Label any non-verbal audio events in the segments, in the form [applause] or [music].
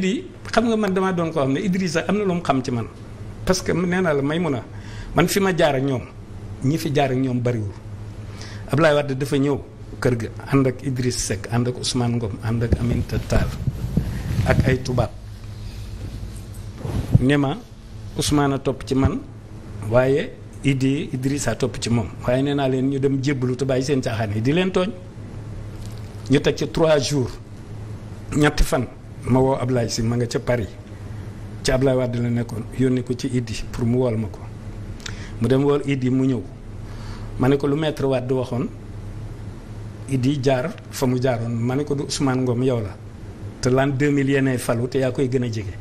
di xam nga man damaa doon koo xam ne Idrissa am na lu mu xam ci man parce que nee naa la may mun a man fi ma jaar ak ñoom ñi fi jaar ak ñoom bariwul Abdoulaye Wade dafa ñëw kër gi ànd ak Idriss Seck ànd ak Ousmane Ngom ànd ak Aminata Tall ak ay tubaab ne ma Ousmane a topp ci man waaye Idi Idrissa topp ci moom waaye nee naa leen ñu dem jébbalu te bàyyi seen caaxaan yi di leen tooñ ñu teg ci trois jours ñetti fan. ma woo Ablaye si ma nga ca Paris ci Ablaye Wade la nekkoon yónni ko ci Iddi pour mu wool ma ko mu dem wool Iddi mu ñëw ma ne ko lu waat Wade waxoon Iddi jaar fa mu jaaroon ma ne ko du Ousmane Ngom yow la te l'an 2000 yéenay falu te yaa koy gën a jege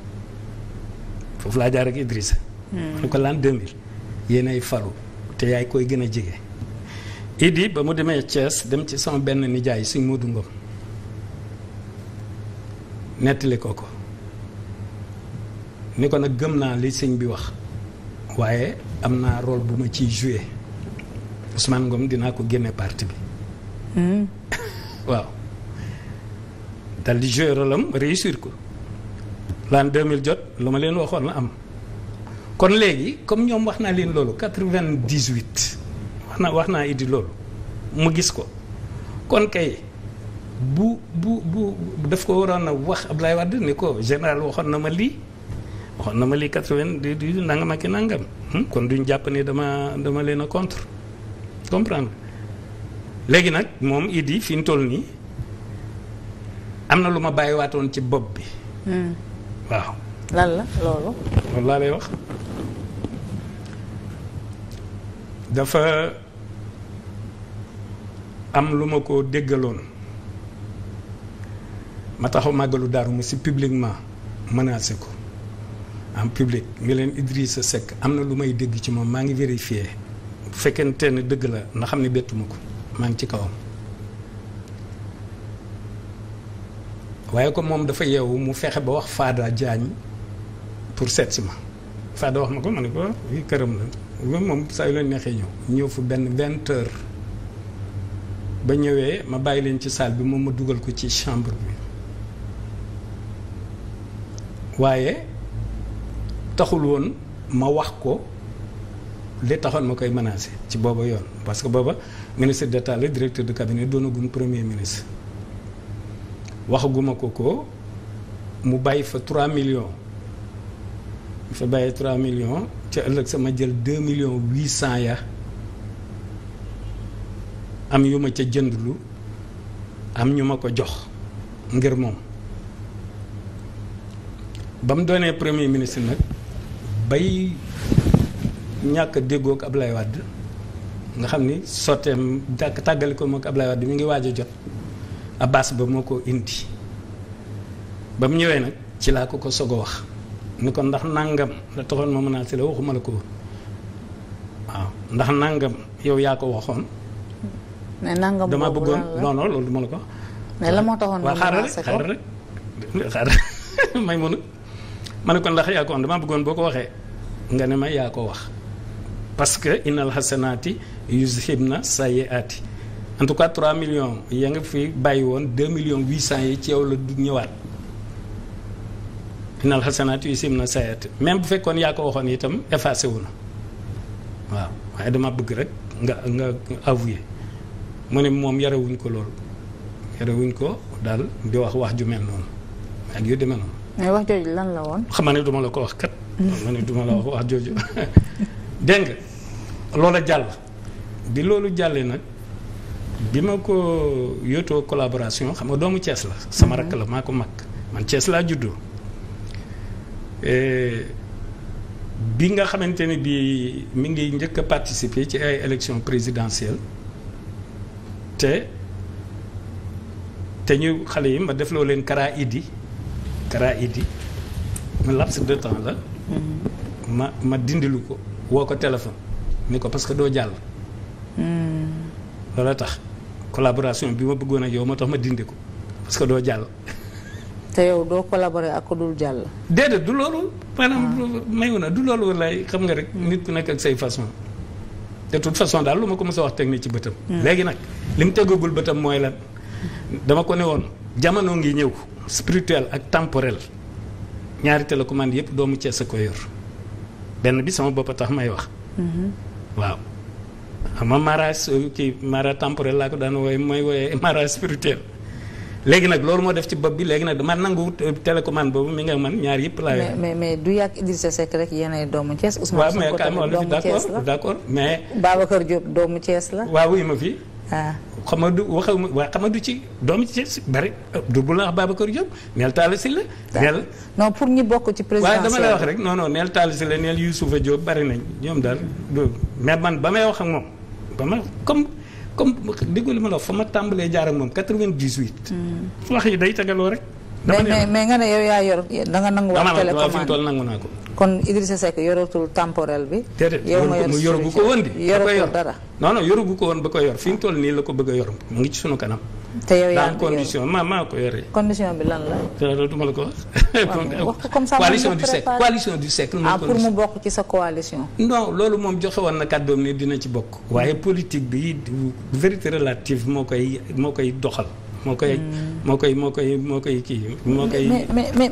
foofu laa jaar ak Idrissa. Hmm. ma ne ko l'an 2000 yéenay falu te yaay koy gën a jege. Iddi ba mu demee Thiès dem ci sama benn nijaay suñ Modou Ngom. nettali ko ko ni ko nag gëm naa li sëñ bi wax waaye am naa rôle bu ma ci joué Ousmane Ngom dinaa ko génne parti bi. Hmm. [laughs] waaw dal di joué rôle am réussir ko l'an 2000 jot lu ma leen waxoon la am kon léegi comme ñoom wax naa leen loolu 98 wax naa wax naa Idi loolu mu gis ko kon kay. bu bu bu daf ko waroon a wax Abdoulaye Wade ni ko général waxoon na ma lii waxoon na ma lii quatre-vingt-dix nangam ak i nangam hmm? kon duñ jàpp ni dama dama leen a contre comprendre léegi nag moom Idi fi mu toll nii am na lu ma bàyyiwaatoon ci bopp bi. Hmm. waaw. lan la loolu laa lay wax dafa am lu ma ko déggaloon. ma taxaw màggalu Daaru Muxti publiquement menacé ko en public mi leen Idrissa Seck am na lu may dégg ci moom maa ngi vérifié bu fekkente ne dëgg la na xam ne bettuma ko maa ngi ci kawam. waaye ko moom dafa yeewu mu fexe ba wax Fada jaañ pour seet si ma Fada wax ma ko ma ne ko fii ah, këram la moom saa yu leen neexee ñëw ñëw fu benn vingt ba ñëwee ma bàyyi leen ci saal bi moom ma dugal ko ci chambre bi waaye taxul woon ma wax ko li taxoon ma koy menacé ci booba yoon parce que booba ministre de la directeur de cabinet doonagum premier ministre waxaguma ko ko mu bàyyi fa 3 millions mu fa bàyyi 3 millions ca ëllëg sama jël 2 millions 800 ya am yu ma ca lu am ñu ma ko jox ngir moom ba mu doonee premier ministre nag bay ñàkk a déggoo ak Ablaye nga xam ni sotteem tàgg tàggali ko moog Ablaye Wade mi ngi waaj jot Abbas ba moo ko indi ba mu ñëwee nag ci laa ko ko soog wax ni ko ndax nangam la taxoon ma menacé la waxuma la ko waaw ndax nangam yow yaa ko waxoon. mais nangam dama bëggoon non non loolu duma la ko wax. la moo taxoon ma menacé ko waaw xaaral rek xaaral rek xaaral may mënu ma ne kon ndax yaa ko wax damaa bëggoon boo ko waxee nga ne ma yaa ko wax parce que innal hasanaati yuzhibna sayyiati en tout cas 3 millions ya nga fi bàyyi woon 2 millions 800 yi ci yow la du ñëwaat innal hasanaati yuzhibna sayyiati même bu fekkoon yaa ko waxoon itam effacé wu na waaw waaye dama bëgg rek nga nga avoué mu ne moom yarewuñ ko loolu yarewuñ ko daal di wax wax ju mel noonu ak yu demee noonu mais wax jooju lan la woon. xam ne duma la ko wax kat. xam ne duma la wax wax jooju [laughs] dégg nga jàll bi loolu jàllee nag bi ma ko yotoo collaboration xam nga doomu Thiès la. sama rakk la maa ko mag man Thiès laa juddoo e, bi nga xamante ne bii mi ngi njëkk a participer ci ay élections présidentielles te te ñu xale yi ma defloo leen Kara Idi. Kara Idi ma laps de temps la ma ma dindilu ko woo ko téléphone ni ko parce que doo jàll loola tax collaboration bi ma bëggoon ak yow ma tax ma dindi ko parce que doo jàll te yow doo collaborer ak ko dul jàll déedéet du loolu maanaam ah. mayu na du loolu lay xam nga rek nit ku nekk ak say façon de toute façon daal lu ma ko mos a wax teg ni ci bëtam hmm. léegi nag li mu tegagul bëtam mooy lan dama ko ne woon jamono ngi ñëw spirituel ak temporel ñaari télécommande yëpp doomu Cees a ko yor benn bi sama bopp tax may wax. Mm-hmm. waaw xam nga mariage euh, kii mariage temporel laa ko daan wooye mooy wooyee [laughs] mariage spirituel. léegi nag loolu moo def ci bopp bi léegi nag dama nangu euh, télécommande boobu mi nga man ñaar yëpp laa yor. mais mais du yàgg Idrissa Seck rek yéenay doomu Thiès. Ousmane Sonko tamit doomu Thiès la waaw mais waaw ah. xama du waxa waa xama du ci doomu ci si bari du bu la wax Babacar Diop neel Talla Sylla neel non pour ñi bokk ci président waaw dama lay wax rek non non neel Talla Sylla neel Youssoufa Diop bari nañ ñoom daal du mais man ba may wax ak moom ba ma comme comme déggu li ma la wax fa ma tàmbalee jaar ak moom 98. Hmm. wax yi day tegaloo rek. dama mais mais nga ne yow yaa yor da nga nangu waa télécommande waaw nangu naa ko. kon Idrissa Seck yoratul temporel bi. déedéet yow nga yor yoragu ko woon di. yoratul dara non non yoragu ko woon ba koy yor fi mu toll nii la ko bëgg a yor mu ngi ci sunu kanam. te yow yaa ngi condition maa maa ko yoree. condition bi lan la. ma la ko wax. [laughs] comme ça coalition du Seck coalition du Seck. ah pour mu bokk ci sa coalition. non loolu moom joxe woon na kàddoom ni dina ci bokk. waaye politique bi vérité relative moo koy moo koy doxal. moo koy mm. moo koy moo koy moo koy kii moo koy